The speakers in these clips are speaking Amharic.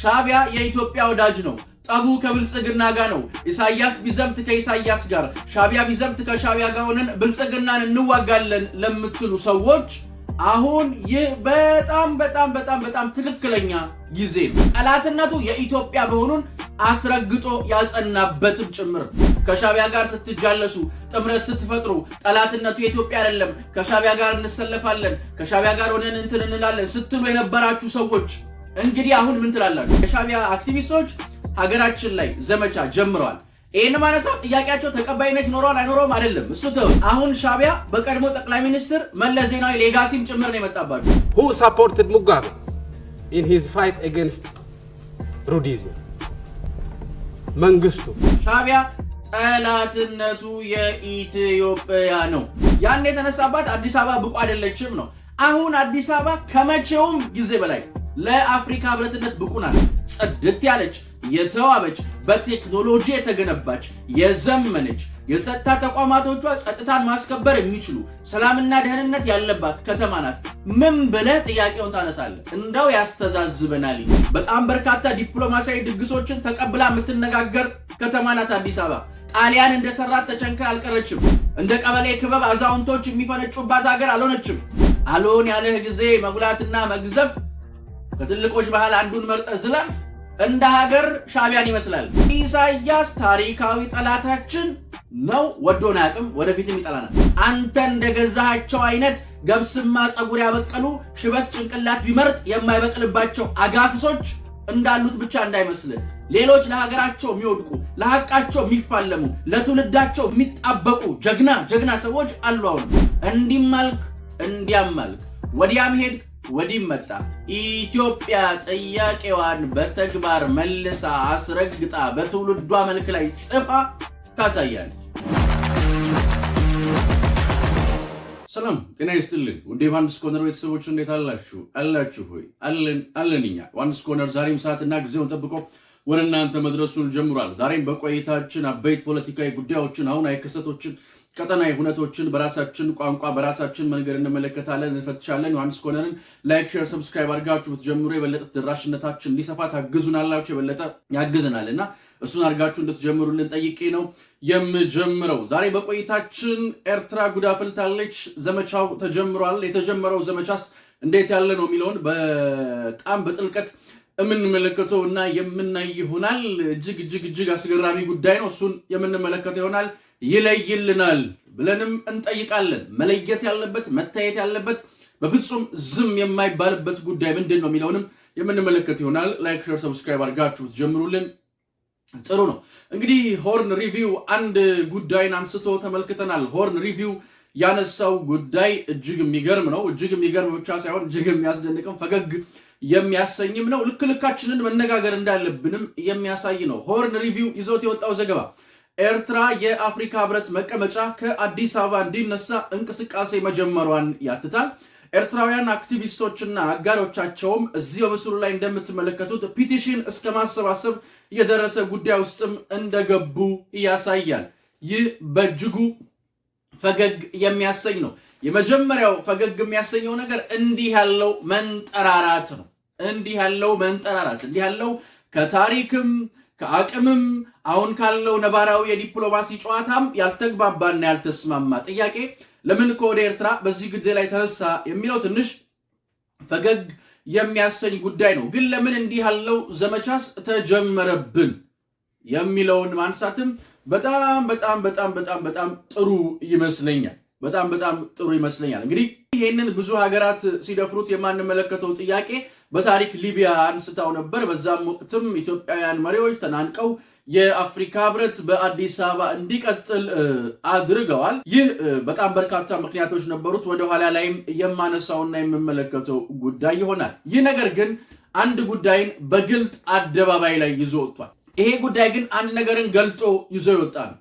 ሻቢያ የኢትዮጵያ ወዳጅ ነው። ጠቡ ከብልጽግና ጋር ነው። ኢሳያስ ቢዘምት ከኢሳያስ ጋር፣ ሻቢያ ቢዘምት ከሻቢያ ጋር ሆነን ብልጽግናን እንዋጋለን ለምትሉ ሰዎች አሁን ይህ በጣም በጣም በጣም በጣም ትክክለኛ ጊዜ ነው። ጠላትነቱ የኢትዮጵያ መሆኑን አስረግጦ ያጸናበትም ጭምር። ከሻቢያ ጋር ስትጃለሱ ጥምረት ስትፈጥሩ ጠላትነቱ የኢትዮጵያ አይደለም፣ ከሻቢያ ጋር እንሰለፋለን፣ ከሻቢያ ጋር ሆነን እንትን እንላለን ስትሉ የነበራችሁ ሰዎች እንግዲህ አሁን ምን ትላላችሁ? የሻቢያ አክቲቪስቶች ሀገራችን ላይ ዘመቻ ጀምረዋል። ይህን ማነሳው ጥያቄያቸው ተቀባይነት ይኖረዋል አይኖረውም አይደለም፣ እሱ ተው። አሁን ሻቢያ በቀድሞ ጠቅላይ ሚኒስትር መለስ ዜናዊ ሌጋሲም ጭምር ነው የመጣባቸው። ሁ ሳፖርትድ ሙጋቤ ኢን ሂዝ ፋይት አገንስት ሩዲዝም መንግስቱ ሻቢያ ጠላትነቱ የኢትዮጵያ ነው። ያን የተነሳባት አዲስ አበባ ብቁ አይደለችም ነው። አሁን አዲስ አበባ ከመቼውም ጊዜ በላይ ለአፍሪካ ህብረትነት ብቁ ናት። ጽድት ያለች የተዋበች በቴክኖሎጂ የተገነባች የዘመነች የጸጥታ ተቋማቶቿ ጸጥታን ማስከበር የሚችሉ ሰላምና ደህንነት ያለባት ከተማ ናት። ምን ብለህ ጥያቄውን ታነሳለህ? እንደው ያስተዛዝበናል። በጣም በርካታ ዲፕሎማሲያዊ ድግሶችን ተቀብላ የምትነጋገር ከተማ ናት አዲስ አበባ። ጣሊያን እንደ ሰራት ተቸንክር አልቀረችም። እንደ ቀበሌ ክበብ አዛውንቶች የሚፈነጩባት ሀገር አልሆነችም። አልሆን ያለህ ጊዜ መጉላትና መግዘፍ ከትልቆች ባህል አንዱን መርጠ ዝለፍ። እንደ ሀገር ሻቢያን ይመስላል። ኢሳያስ ታሪካዊ ጠላታችን ነው። ወዶን አያውቅም። ወደፊትም ይጠላናል። አንተ እንደገዛሃቸው አይነት ገብስማ ጸጉር ያበቀሉ ሽበት ጭንቅላት ቢመርጥ የማይበቅልባቸው አጋስሶች እንዳሉት ብቻ እንዳይመስልን። ሌሎች ለሀገራቸው የሚወድቁ ለሀቃቸው የሚፋለሙ ለትውልዳቸው የሚጣበቁ ጀግና ጀግና ሰዎች አሉ። አሁን እንዲህ ማልክ እንዲያም ማልክ ወዲያም ወዲህ መጣ። ኢትዮጵያ ጥያቄዋን በተግባር መልሳ አስረግጣ በትውልዷ መልክ ላይ ጽፋ ታሳያለች። ሰላም ጤና ይስጥልን ውዴ ዮሐንስ ኮርነር ቤተሰቦች እንዴት አላችሁ? አላችሁ ሆይ አለን አለን። እኛ ዮሐንስ ኮርነር ዛሬም ሰዓትና ጊዜውን ጠብቆ ወደ እናንተ መድረሱን ጀምሯል። ዛሬም በቆይታችን አበይት ፖለቲካዊ ጉዳዮችን፣ አሁናዊ ክስተቶችን ቀጠናዊ ሁነቶችን በራሳችን ቋንቋ በራሳችን መንገድ እንመለከታለን፣ እንፈትሻለን። ዮሐንስ ኮነንን ላይክ፣ ሼር፣ ሰብስክራይብ አድርጋችሁ ብትጀምሩ የበለጠ ተደራሽነታችን ሊሰፋ ታግዙናላችሁ፣ የበለጠ ያግዝናል እና እሱን አድርጋችሁ እንድትጀምሩልን ጠይቄ ነው የምጀምረው። ዛሬ በቆይታችን ኤርትራ ጉዳፍልታለች፣ ዘመቻው ተጀምሯል። የተጀመረው ዘመቻስ እንዴት ያለ ነው የሚለውን በጣም በጥልቀት የምንመለከተው እና የምናይ ይሆናል። እጅግ እጅግ እጅግ አስገራሚ ጉዳይ ነው። እሱን የምንመለከተው ይሆናል። ይለይልናል ብለንም እንጠይቃለን። መለየት ያለበት መታየት ያለበት በፍጹም ዝም የማይባልበት ጉዳይ ምንድን ነው የሚለውንም የምንመለከት ይሆናል። ላይክ፣ ሼር፣ ሰብስክራይብ አድርጋችሁ ጀምሩልን። ጥሩ ነው እንግዲህ ሆርን ሪቪው አንድ ጉዳይን አንስቶ ተመልክተናል። ሆርን ሪቪው ያነሳው ጉዳይ እጅግ የሚገርም ነው። እጅግ የሚገርም ብቻ ሳይሆን እጅግ የሚያስደንቅም ፈገግ የሚያሰኝም ነው። ልክ ልካችንን መነጋገር እንዳለብንም የሚያሳይ ነው። ሆርን ሪቪው ይዞት የወጣው ዘገባ ኤርትራ የአፍሪካ ህብረት መቀመጫ ከአዲስ አበባ እንዲነሳ እንቅስቃሴ መጀመሯን ያትታል። ኤርትራውያን አክቲቪስቶችና አጋሮቻቸውም እዚህ በምስሉ ላይ እንደምትመለከቱት ፒቲሽን እስከ ማሰባሰብ የደረሰ ጉዳይ ውስጥም እንደገቡ ያሳያል። ይህ በእጅጉ ፈገግ የሚያሰኝ ነው። የመጀመሪያው ፈገግ የሚያሰኘው ነገር እንዲህ ያለው መንጠራራት ነው። እንዲህ ያለው መንጠራራት እንዲህ ያለው ከታሪክም ከአቅምም አሁን ካለው ነባራዊ የዲፕሎማሲ ጨዋታም ያልተግባባና ያልተስማማ ጥያቄ ለምን ከወደ ኤርትራ በዚህ ጊዜ ላይ ተነሳ የሚለው ትንሽ ፈገግ የሚያሰኝ ጉዳይ ነው። ግን ለምን እንዲህ ያለው ዘመቻስ ተጀመረብን የሚለውን ማንሳትም በጣም በጣም በጣም በጣም በጣም ጥሩ ይመስለኛል። በጣም በጣም ጥሩ ይመስለኛል። እንግዲህ ይህንን ብዙ ሀገራት ሲደፍሩት የማንመለከተው ጥያቄ በታሪክ ሊቢያ አንስታው ነበር። በዛም ወቅትም ኢትዮጵያውያን መሪዎች ተናንቀው የአፍሪካ ህብረት በአዲስ አበባ እንዲቀጥል አድርገዋል። ይህ በጣም በርካታ ምክንያቶች ነበሩት። ወደኋላ ላይም የማነሳውና የምመለከተው ጉዳይ ይሆናል። ይህ ነገር ግን አንድ ጉዳይን በግልጥ አደባባይ ላይ ይዞ ወጥቷል። ይሄ ጉዳይ ግን አንድ ነገርን ገልጦ ይዞ ይወጣ ነው።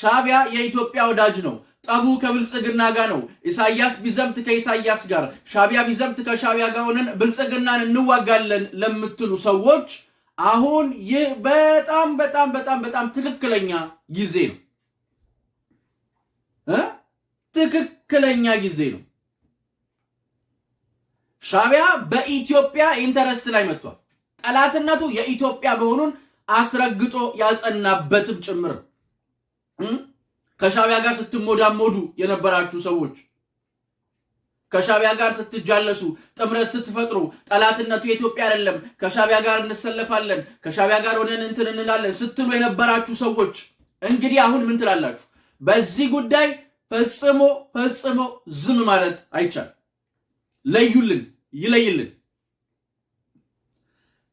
ሻቢያ የኢትዮጵያ ወዳጅ ነው። ጠቡ ከብልጽግና ጋር ነው። ኢሳያስ ቢዘምት ከኢሳያስ ጋር፣ ሻቢያ ቢዘምት ከሻቢያ ጋር ሆነን ብልጽግናን እንዋጋለን ለምትሉ ሰዎች አሁን ይህ በጣም በጣም በጣም በጣም ትክክለኛ ጊዜ ነው። ትክክለኛ ጊዜ ነው። ሻቢያ በኢትዮጵያ ኢንተረስት ላይ መጥቷል። ጠላትነቱ የኢትዮጵያ መሆኑን አስረግጦ ያጸናበትም ጭምር ነው። ከሻቢያ ጋር ስትሞዳሞዱ የነበራችሁ ሰዎች ከሻቢያ ጋር ስትጃለሱ ጥምረት ስትፈጥሩ ጠላትነቱ የኢትዮጵያ አይደለም፣ ከሻቢያ ጋር እንሰለፋለን፣ ከሻቢያ ጋር ሆነን እንትን እንላለን ስትሉ የነበራችሁ ሰዎች እንግዲህ አሁን ምን ትላላችሁ? በዚህ ጉዳይ ፈጽሞ ፈጽሞ ዝም ማለት አይቻልም። ለዩልን፣ ይለይልን።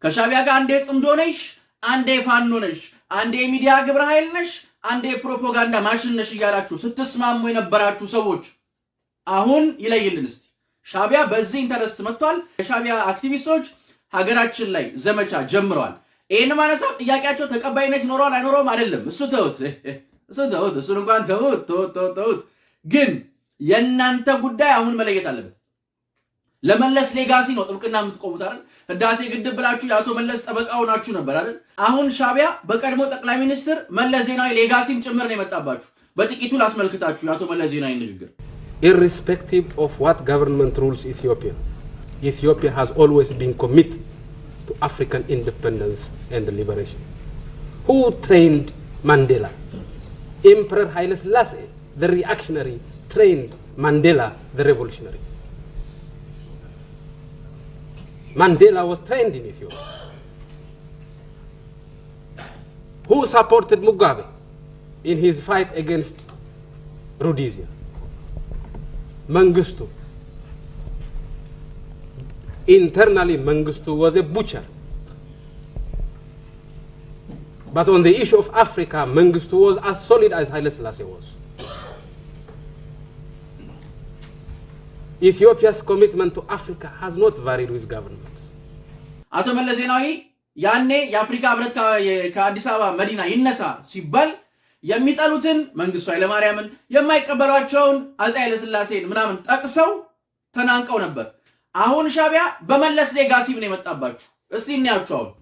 ከሻቢያ ጋር አንዴ ጽምዶ ነሽ፣ አንዴ ፋኖ ነሽ፣ አንዴ የሚዲያ ግብረ ኃይል ነሽ፣ አንድ የፕሮፓጋንዳ ማሽን ነሽ እያላችሁ ስትስማሙ የነበራችሁ ሰዎች አሁን ይለይልን እስቲ። ሻቢያ በዚህ ኢንተረስት መጥቷል። የሻዕቢያ አክቲቪስቶች ሀገራችን ላይ ዘመቻ ጀምረዋል። ይህን ማነሳው ጥያቄያቸው ተቀባይነት ይኖረዋል አይኖረውም አይደለም፣ እሱ ተውት፣ እሱ ተውት፣ እሱን እንኳን ተውት፣ ተውት፣ ተውት። ግን የእናንተ ጉዳይ አሁን መለየት አለበት። ለመለስ ሌጋሲ ነው ጥብቅና የምትቆሙት አይደል? ህዳሴ ግድብ ብላችሁ የአቶ መለስ ጠበቃ ሆናችሁ ነበር አይደል? አሁን ሻቢያ በቀድሞ ጠቅላይ ሚኒስትር መለስ ዜናዊ ሌጋሲም ጭምር ነው የመጣባችሁ። በጥቂቱ ላስመልክታችሁ የአቶ መለስ ዜናዊ ንግግር። ኢሪስፔክቲቭ ኦፍ ዋት ጋቨርንመንት ሩልስ ኢትዮጵያ ኢትዮጵያ ሃዝ ኦልዌይስ ቢን ኮሚት ቱ አፍሪካን ኢንዲፐንደንስ ኤንድ ሊበሬሽን ሁ ትሬንድ ማንዴላ ኤምፐረር ኃይለ ዘ ሪአክሽነሪ ትሬንድ ማንዴላ ዘ ሬቮሉሽነሪ Mandela was trained in Ethiopia. Who supported Mugabe in his fight against Rhodesia? Mengistu. Internally, Mengistu was a butcher. But on the issue of Africa, Mengistu was as solid as Haile Selassie was. ኢትዮጵያስ ኮሚትመንት ቱ አፍሪካ ሃዝ ኖት ቫሪድ ዊዝ ጋቨርንመንት አቶ መለስ ዜናዊ ያኔ የአፍሪካ ህብረት ከአዲስ አበባ መዲና ይነሳ ሲባል የሚጠሉትን መንግስቱ ኃይለማርያምን የማይቀበሏቸውን አፄ ኃይለስላሴን ምናምን ጠቅሰው ተናንቀው ነበር። አሁን ሻቢያ በመለስ ሌጋሲ ምን የመጣባችሁ እስቲ እናያችሁ። አሁን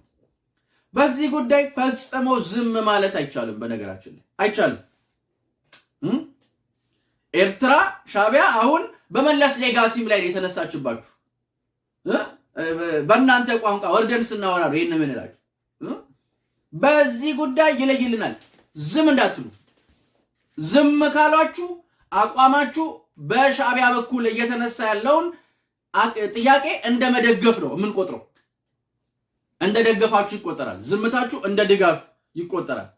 በዚህ ጉዳይ ፈጽሞ ዝም ማለት አይቻልም። በነገራችን ላይ አይቻልም። ኤርትራ ሻቢያ አሁን በመለስ ሌጋሲም ላይ የተነሳችባችሁ በእናንተ ቋንቋ ወርደን ስናወራ ነው ይህን ምንላችሁ። በዚህ ጉዳይ ይለይልናል። ዝም እንዳትሉ። ዝም ካሏችሁ አቋማችሁ በሻዕቢያ በኩል እየተነሳ ያለውን ጥያቄ እንደ መደገፍ ነው የምንቆጥረው። እንደ ደገፋችሁ ይቆጠራል። ዝምታችሁ እንደ ድጋፍ ይቆጠራል።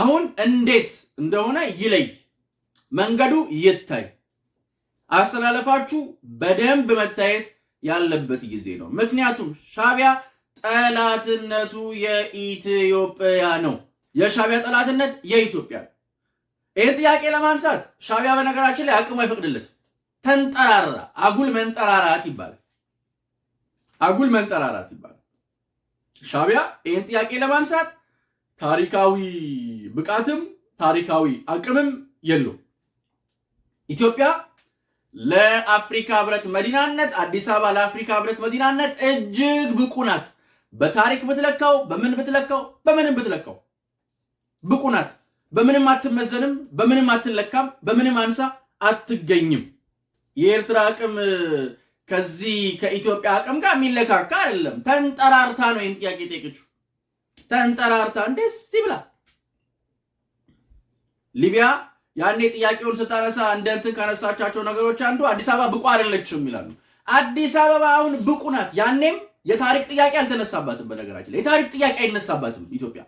አሁን እንዴት እንደሆነ ይለይ፣ መንገዱ ይታይ። አሰላለፋችሁ በደንብ መታየት ያለበት ጊዜ ነው። ምክንያቱም ሻቢያ ጠላትነቱ የኢትዮጵያ ነው። የሻቢያ ጠላትነት የኢትዮጵያ ነው። ይህን ጥያቄ ለማንሳት ሻቢያ በነገራችን ላይ አቅሙ አይፈቅድለት። ተንጠራራ፣ አጉል መንጠራራት ይባላል። አጉል መንጠራራት ይባላል። ሻቢያ ይህን ጥያቄ ለማንሳት ታሪካዊ ብቃትም ታሪካዊ አቅምም የለው ኢትዮጵያ ለአፍሪካ ህብረት መዲናነት አዲስ አበባ ለአፍሪካ ህብረት መዲናነት እጅግ ብቁ ናት። በታሪክ ብትለካው፣ በምን ብትለካው፣ በምንም ብትለካው ብቁ ናት። በምንም አትመዘንም፣ በምንም አትለካም፣ በምንም አንሳ አትገኝም። የኤርትራ አቅም ከዚህ ከኢትዮጵያ አቅም ጋር የሚለካካ አይደለም። ተንጠራርታ ነው ይህን ጥያቄ ጠየቀችው። ተንጠራርታ እንደስ ብላ ሊቢያ ያኔ ጥያቄውን ስታነሳ እንደ እንትን ካነሳቻቸው ነገሮች አንዱ አዲስ አበባ ብቁ አይደለችም ይላሉ። አዲስ አበባ አሁን ብቁ ናት። ያኔም የታሪክ ጥያቄ አልተነሳባትም። በነገራችን ላይ የታሪክ ጥያቄ አይነሳባትም። ኢትዮጵያ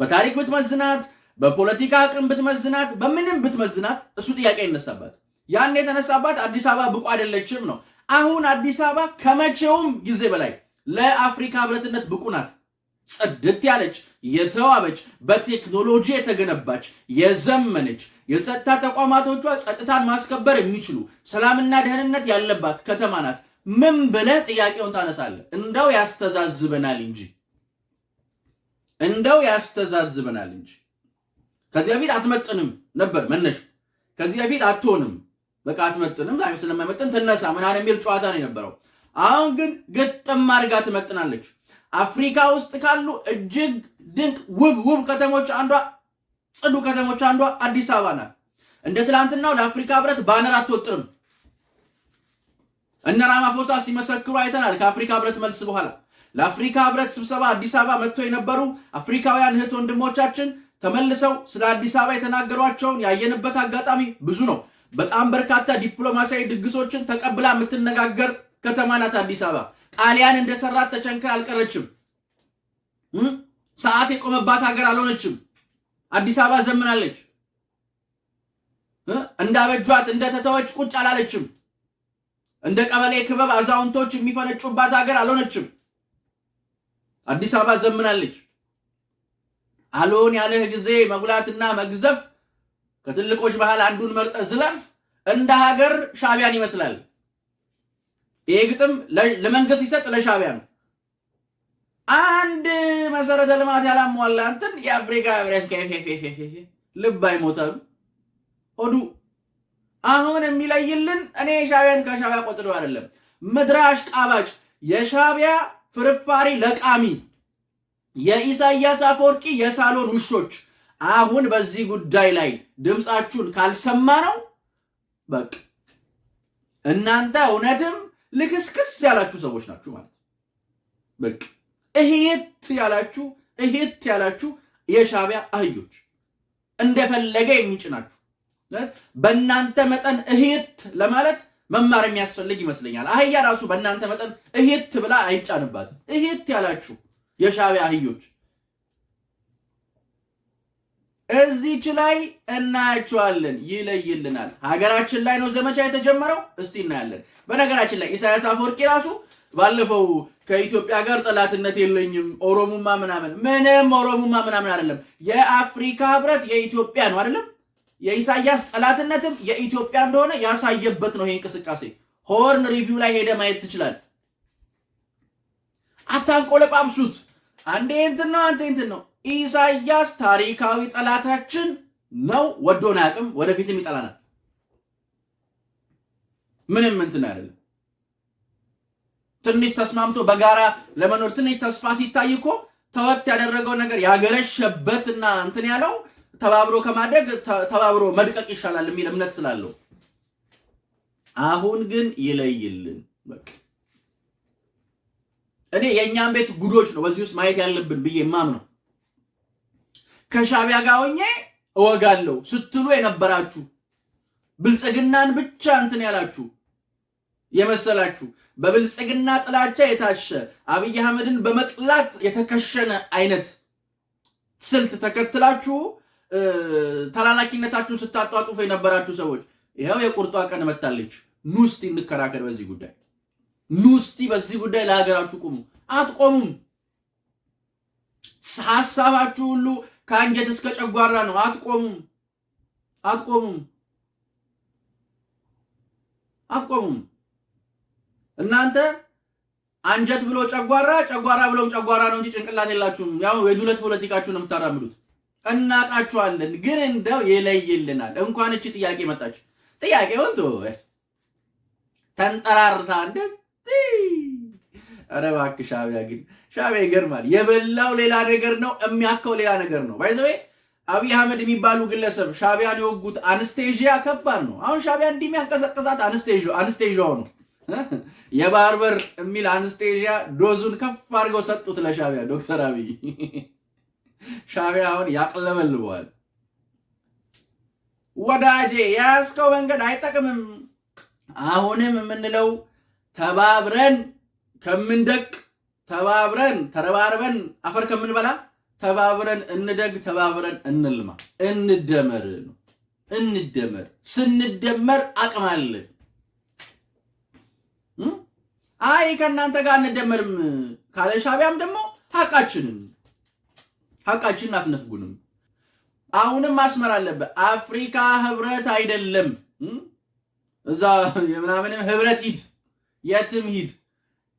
በታሪክ ብትመዝናት፣ በፖለቲካ አቅም ብትመዝናት፣ በምንም ብትመዝናት እሱ ጥያቄ አይነሳባት። ያኔ የተነሳባት አዲስ አበባ ብቁ አይደለችም ነው። አሁን አዲስ አበባ ከመቼውም ጊዜ በላይ ለአፍሪካ ህብረትነት ብቁ ናት። ጽድት ያለች የተዋበች በቴክኖሎጂ የተገነባች የዘመነች የጸጥታ ተቋማቶቿ ጸጥታን ማስከበር የሚችሉ ሰላምና ደህንነት ያለባት ከተማ ናት። ምን ብለህ ጥያቄውን ታነሳለህ? እንደው ያስተዛዝበናል እንጂ እንደው ያስተዛዝበናል እንጂ ከዚህ በፊት አትመጥንም ነበር መነሻ። ከዚህ በፊት አትሆንም፣ በቃ አትመጥንም፣ ስለማይመጥን ትነሳ ምናምን የሚል ጨዋታ ነው የነበረው። አሁን ግን ግጥም አድርጋ ትመጥናለች። አፍሪካ ውስጥ ካሉ እጅግ ድንቅ ውብ ውብ ከተሞች አንዷ ጽዱ ከተሞች አንዷ አዲስ አበባ ናት። እንደ ትላንትናው ለአፍሪካ ህብረት ባነር አትወጥርም። እነ ራማፎሳ ሲመሰክሩ አይተናል። ከአፍሪካ ህብረት መልስ በኋላ ለአፍሪካ ህብረት ስብሰባ አዲስ አበባ መጥተው የነበሩ አፍሪካውያን እህት ወንድሞቻችን ተመልሰው ስለ አዲስ አበባ የተናገሯቸውን ያየንበት አጋጣሚ ብዙ ነው። በጣም በርካታ ዲፕሎማሲያዊ ድግሶችን ተቀብላ የምትነጋገር ከተማ ናት አዲስ አበባ። ጣሊያን እንደሰራት ተቸንክራ አልቀረችም። ሰዓት የቆመባት ሀገር አልሆነችም። አዲስ አበባ ዘምናለች። እንዳበጇት እንደተተወች ቁጭ አላለችም። እንደ ቀበሌ ክበብ አዛውንቶች የሚፈነጩባት ሀገር አልሆነችም። አዲስ አበባ ዘምናለች። አልሆን ያለህ ጊዜ መጉላትና መግዘፍ ከትልቆች ባህል አንዱን መርጠ ዝለፍ። እንደ ሀገር ሻቢያን ይመስላል። ይሄ ግጥም ለመንግስት ሲሰጥ ለሻቢያ ነው። አንድ መሰረተ ልማት ያላሟላ እንትን የአፍሪካ ህብረት ልብ አይሞታሉ ሆዱ አሁን የሚለይልን እኔ ሻቢያን ከሻቢያ ቆጥሎ አይደለም፣ ምድረ አሽቃባጭ የሻቢያ ፍርፋሪ ለቃሚ የኢሳያስ አፈወርቂ የሳሎን ውሾች አሁን በዚህ ጉዳይ ላይ ድምፃችሁን ካልሰማ ነው በቃ እናንተ እውነትም ልክስክስ ያላችሁ ሰዎች ናችሁ ማለት በቃ እሄት ያላችሁ እሄት ያላችሁ የሻቢያ አህዮች እንደፈለገ የሚጭናችሁ በእናንተ መጠን እሄት ለማለት መማር የሚያስፈልግ ይመስለኛል። አህያ ራሱ በእናንተ መጠን እሄት ብላ አይጫንባትም። እሄት ያላችሁ የሻቢያ አህዮች እዚች ላይ እናያቸዋለን። ይለይልናል። ሀገራችን ላይ ነው ዘመቻ የተጀመረው። እስቲ እናያለን። በነገራችን ላይ ኢሳያስ አፈወርቂ ራሱ ባለፈው ከኢትዮጵያ ጋር ጠላትነት የለኝም ኦሮሙማ ምናምን ምንም ኦሮሙማ ምናምን አይደለም። የአፍሪካ ህብረት የኢትዮጵያ ነው አይደለም። የኢሳያስ ጠላትነትም የኢትዮጵያ እንደሆነ ያሳየበት ነው ይሄ እንቅስቃሴ። ሆርን ሪቪው ላይ ሄደ ማየት ትችላል። አታንቆለጳብሱት። አንዴ እንትን ነው፣ አንዴ እንትን ነው ኢሳያስ ታሪካዊ ጠላታችን ነው። ወዶን አያውቅም። ወደፊትም ይጠላናል። ምንም እንትን አይደለም። ትንሽ ተስማምቶ በጋራ ለመኖር ትንሽ ተስፋ ሲታይ እኮ ተወት ያደረገው ነገር ያገረሸበትና እንትን ያለው ተባብሮ ከማደግ ተባብሮ መድቀቅ ይሻላል የሚል እምነት ስላለው አሁን ግን ይለይልን። እኔ የእኛም ቤት ጉዶች ነው በዚህ ውስጥ ማየት ያለብን ብዬ ማም ነው። ከሻቢያ ጋር ሆኜ እወጋለሁ ስትሉ የነበራችሁ ብልጽግናን ብቻ እንትን ያላችሁ የመሰላችሁ በብልጽግና ጥላቻ የታሸ አብይ አህመድን በመጥላት የተከሸነ አይነት ስልት ተከትላችሁ ተላላኪነታችሁን ስታጧጡፍ የነበራችሁ ሰዎች ይኸው የቁርጧ ቀን መታለች። ኑ እስቲ እንከራከር በዚህ ጉዳይ፣ ኑ እስቲ በዚህ ጉዳይ ለሀገራችሁ ቁሙ። አትቆሙም። ሀሳባችሁ ሁሉ ከአንጀት እስከ ጨጓራ ነው። አትቆሙም አትቆሙም አትቆሙም። እናንተ አንጀት ብሎ ጨጓራ፣ ጨጓራ ብሎም ጨጓራ ነው እንጂ ጭንቅላት የላችሁም። ያው የዱለት ፖለቲካችሁ ነው የምታራምዱት። እናጣችኋለን፣ ግን እንደው ይለይልናል። እንኳን እቺ ጥያቄ መጣች። ጥያቄውን ተንጠራርታ እንደዚህ ኧረ እባክህ ሻዕቢያ ግን ሻዕቢያ ይገርማል። የበላው ሌላ ነገር ነው፣ የሚያካው ሌላ ነገር ነው። ባይዘዌ አብይ አህመድ የሚባሉ ግለሰብ ሻዕቢያን የወጉት አንስቴዥያ ከባድ ነው። አሁን ሻዕቢያ እንዲህ የሚያንቀሳቀሳት አንስቴዥያው ነው። የባህር በር የሚል አንስቴዥያ ዶዙን ከፍ አድርገው ሰጡት ለሻዕቢያ ዶክተር አብይ ሻዕቢያ አሁን ያቅለበልበዋል። ወዳጄ የያዝከው መንገድ አይጠቅምም። አሁንም የምንለው ተባብረን ከምንደቅ ተባብረን ተረባርበን አፈር ከምንበላ ተባብረን እንደግ፣ ተባብረን እንልማ፣ እንደመር ነው። እንደመር ስንደመር አቅም አለን። አይ ከእናንተ ጋር እንደመርም ካለ ሻቢያም ደግሞ ሀቃችንን ሀቃችንን አትነፍጉንም። አሁንም ማስመር አለበት። አፍሪካ ህብረት አይደለም እዛ የምናምንም ህብረት ሂድ፣ የትም ሂድ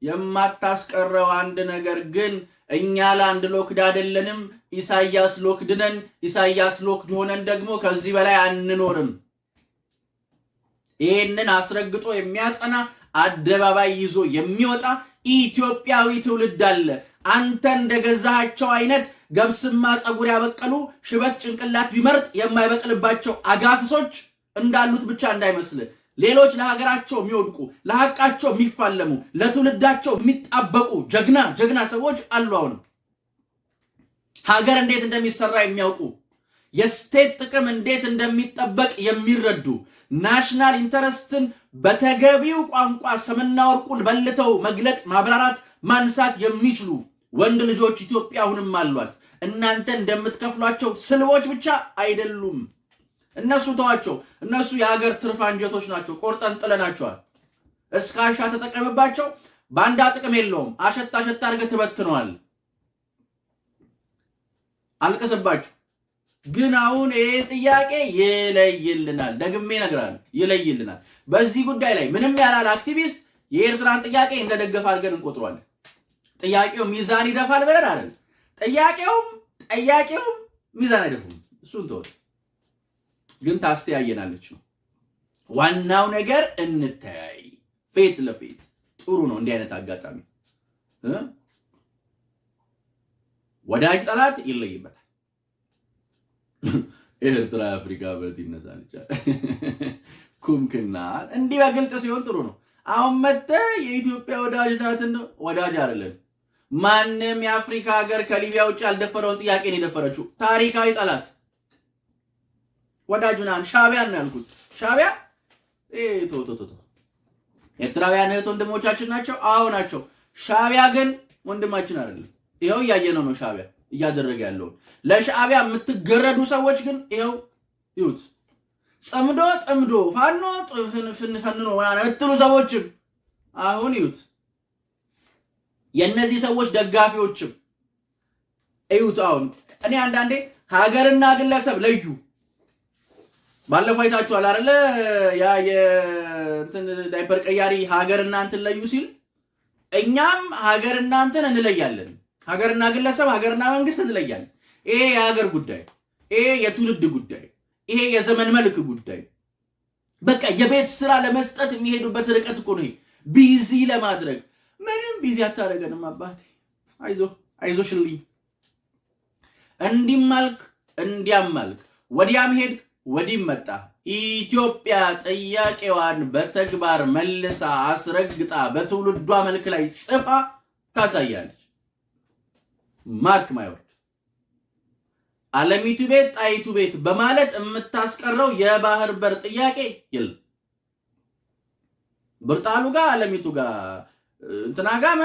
የማታስቀረው አንድ ነገር ግን እኛ ለአንድ ሎክድ አይደለንም። ኢሳይያስ ሎክድ ነን። ኢሳይያስ ሎክድ ሆነን ደግሞ ከዚህ በላይ አንኖርም። ይህንን አስረግጦ የሚያጸና አደባባይ ይዞ የሚወጣ ኢትዮጵያዊ ትውልድ አለ። አንተ እንደገዛሃቸው አይነት ገብስማ ጸጉር ያበቀሉ ሽበት ጭንቅላት ቢመርጥ የማይበቅልባቸው አጋስሶች እንዳሉት ብቻ እንዳይመስልህ። ሌሎች ለሀገራቸው የሚወድቁ ለሀቃቸው የሚፋለሙ ለትውልዳቸው የሚጣበቁ ጀግና ጀግና ሰዎች አሉ። አሁንም ሀገር እንዴት እንደሚሰራ የሚያውቁ የስቴት ጥቅም እንዴት እንደሚጠበቅ የሚረዱ ናሽናል ኢንተረስትን በተገቢው ቋንቋ ስምና ወርቁን በልተው መግለጥ፣ ማብራራት፣ ማንሳት የሚችሉ ወንድ ልጆች ኢትዮጵያ አሁንም አሏት። እናንተ እንደምትከፍሏቸው ስልቦች ብቻ አይደሉም። እነሱ ተዋቸው። እነሱ የሀገር ትርፍ አንጀቶች ናቸው። ቆርጠን ጥለናቸዋል። እስከ አሻ ተጠቀምባቸው። ባንዳ ጥቅም የለውም። አሸታ አሸታ አድርገህ ትበትነዋል። አልቀስባቸው። ግን አሁን ይሄ ጥያቄ ይለይልናል። ደግሜ ነግራል ይለይልናል። በዚህ ጉዳይ ላይ ምንም ያላል አክቲቪስት የኤርትራን ጥያቄ እንደደገፈ አድርገን እንቆጥሯለን። ጥያቄው ሚዛን ይደፋል ብለን አይደል? ጥያቄውም ጥያቄውም ሚዛን አይደፉም። እሱን ተወው። ግን ታስተያየናለች ነው ዋናው ነገር። እንተያይ ፌት ለፌት ጥሩ ነው። እንዲህ አይነት አጋጣሚ ወዳጅ ጠላት ይለይበታል። ኤርትራ አፍሪካ ህብረት ይነሳል ይቻላል። ኩምክና እንዲህ በግልጽ ሲሆን ጥሩ ነው። አሁን መጥተህ የኢትዮጵያ ወዳጅ ናትን ወዳጅ አይደለም። ማንም የአፍሪካ ሀገር ከሊቢያ ውጭ ያልደፈረውን ጥያቄን የደፈረችው ታሪካዊ ጠላት ወዳጁናን ሻቢያን ነው ያልኩት። ሻቢያ ቶ ኤርትራውያን እህት ወንድሞቻችን ናቸው። አዎ ናቸው። ሻቢያ ግን ወንድማችን አይደለም። ይኸው እያየነው ነው ሻቢያ እያደረገ ያለውን። ለሻቢያ የምትገረዱ ሰዎች ግን ይኸው ይሁት ጽምዶ ጥምዶ ፋኖ ፍንፈንኖ ምናምን የምትሉ ሰዎችም አሁን ይሁት የእነዚህ ሰዎች ደጋፊዎችም ይሁት አሁን እኔ አንዳንዴ ሀገርና ግለሰብ ለዩ ባለፈው አይታችኋል አይደለ? ያ የእንትን ዳይፐር ቀያሪ ሀገር እንትን ለዩ ሲል እኛም ሀገርና እንትን እንለያለን። ሀገርና ግለሰብ፣ ሀገርና መንግስት እንለያለን። ይሄ የሀገር ጉዳይ፣ ይሄ የትውልድ ጉዳይ፣ ይሄ የዘመን መልክ ጉዳይ። በቃ የቤት ስራ ለመስጠት የሚሄዱበት ርቀት እኮ ነው። ቢዚ ለማድረግ ምንም ቢዚ አታደርገንም። አባቴ አይዞ አይዞ ሽልኝ እንዲህ ማልክ እንዲያም ማልክ ወዲያም ሄድክ ወዲህ መጣ። ኢትዮጵያ ጥያቄዋን በተግባር መልሳ አስረግጣ በትውልዷ መልክ ላይ ጽፋ ታሳያለች። ማርክ ማይወርድ አለሚቱ ቤት ጣይቱ ቤት በማለት የምታስቀረው የባህር በር ጥያቄ የለም። ብርጣሉ ጋር አለሚቱ ጋር እንትና ጋር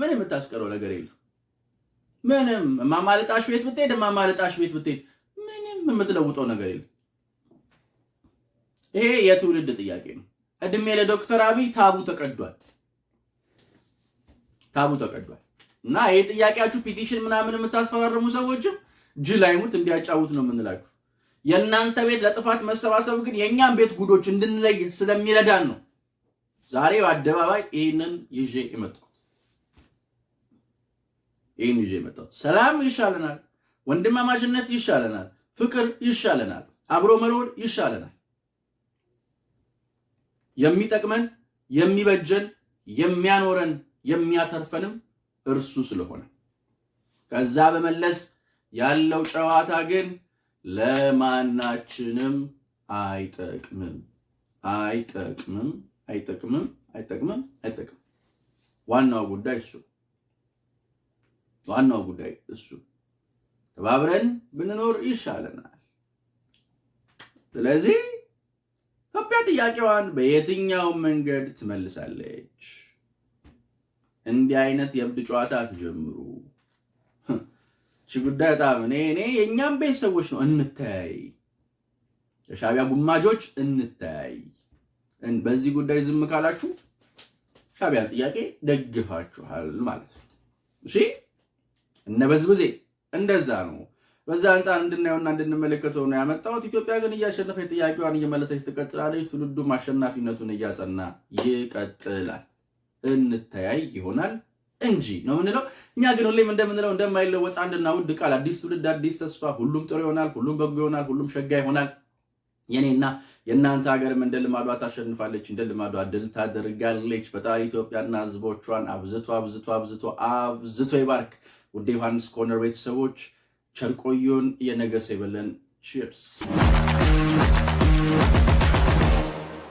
ምን የምታስቀረው ነገር የለም። ምንም እማማልጣሽ ቤት ብትሄድ እማማልጣሽ ቤት ብትሄድ ምንም የምትለውጠው ነገር የለም። ይሄ የትውልድ ጥያቄ ነው። እድሜ ለዶክተር አብይ ታቡ ተቀዷል፣ ታቡ ተቀዷል። እና ይሄ ጥያቄያችሁ ፒቲሽን ምናምን የምታስፈራርሙ ሰዎችም ጅል አይሙት እንዲያጫውት ነው የምንላችሁ። የእናንተ ቤት ለጥፋት መሰባሰብ ግን የእኛም ቤት ጉዶች እንድንለይ ስለሚረዳን ነው ዛሬ በአደባባይ ይህንን ይዤ የመጣሁት። ይህን ይዤ የመጣሁት ሰላም ይሻለናል፣ ወንድማማችነት ይሻለናል፣ ፍቅር ይሻለናል፣ አብሮ መኖር ይሻለናል። የሚጠቅመን የሚበጀን የሚያኖረን የሚያተርፈንም እርሱ ስለሆነ ከዛ በመለስ ያለው ጨዋታ ግን ለማናችንም አይጠቅምም አይጠቅምም አይጠቅምም አይጠቅምም አይጠቅምም። ዋናው ጉዳይ እሱ ዋናው ጉዳይ እሱ። ተባብረን ብንኖር ይሻለናል። ስለዚህ ኢትዮጵያ ጥያቄዋን በየትኛው መንገድ ትመልሳለች? እንዲህ አይነት የእብድ ጨዋታ ትጀምሩ ች ጉዳይ በጣም እኔ እኔ የእኛም ቤት ሰዎች ነው እንተያይ፣ የሻዕቢያ ጉማጆች እንተያይ። በዚህ ጉዳይ ዝም ካላችሁ ሻቢያን ጥያቄ ደግፋችኋል ማለት ነው። እሺ እነበዝብዜ እንደዛ ነው። በዛ አንጻር እንድናየውና እንድንመለከተው ነው ያመጣሁት። ኢትዮጵያ ግን እያሸነፈች ጥያቄዋን እየመለሰች ትቀጥላለች። ትውልዱም አሸናፊነቱን እያጸና ይቀጥላል። እንተያይ ይሆናል እንጂ ነው የምንለው። እኛ ግን ሁሌም እንደምንለው እንደማይለወጥ አንድና ውድ ቃል አዲስ ትውልድ፣ አዲስ ተስፋ። ሁሉም ጥሩ ይሆናል፣ ሁሉም በጎ ይሆናል፣ ሁሉም ሸጋ ይሆናል። የኔና የእናንተ ሀገርም እንደ ልማዷ ታሸንፋለች፣ እንደ ልማዷ ድል ታደርጋለች። ፈጣሪ ኢትዮጵያና ሕዝቦቿን አብዝቶ አብዝቶ አብዝቶ አብዝቶ ይባርክ። ውድ ዮሐንስ ኮርነር ቤተሰቦች ቸርቆዩን የነገሰ ይበለን። ቺርስ